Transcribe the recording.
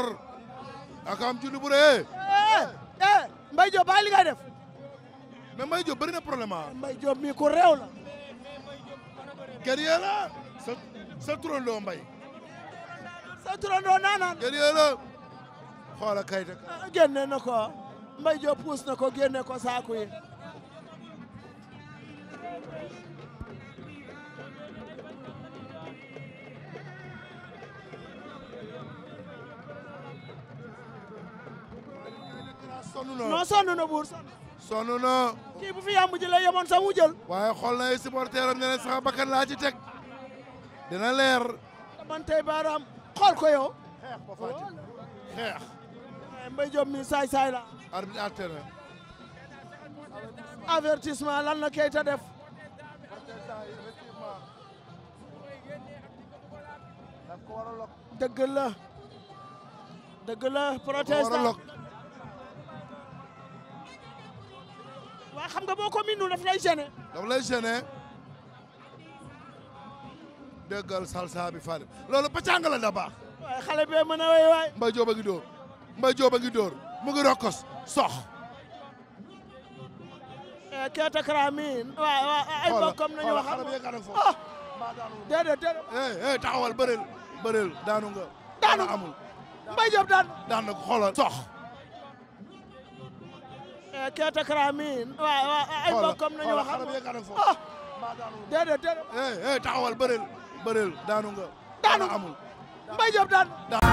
yor Dakar am ci lu bu rëy. Eh, eh, Mbaye Diop bàyyi li ngay def. mais Mbaye Diop bëri na problème ah. Mbaye Diop mii ko réew la. guerrier sa sa turandoo Mbaye. sa turandoo naanaan. guerrier la xoola kay de. Ah, génne na ko puus na ko génne ko saako yi. sonn na non sonn na buur sonn na kii bu fi yàmb la yemoon sax mu waaye xool na ay supporter am ne ne sax bakkan laa ci teg leer man tey baaraam xool ko yow xeex ba eh, mi saay la arbitre atte na avertissement lan la Keita def dëgg la dëgg waa xam nga boo ko miinul daf lay gêné. daf lay gêné déggal salsa bi loolu pëccang la da baax. waaye xale bee mën a waay waay. Mbaye Diop a ngi dóor Mbaye Diop a mu ngi rokkos sox. Eh, Keita Kara mii ay bokkam nañu wax. xoolal xoolal xale bi ah! eh, eh, taxawal bëreel bëreel daanu nga. daanu amul Mbaye Diop daan daan na ko xoolal Keita Kara mii waaw waaw ay bokkam nañu wax ah déedéet déedéet. Eh, eh, taxawal bëreel bëreel daanu nga. daanu amul Mbaye Diop daan.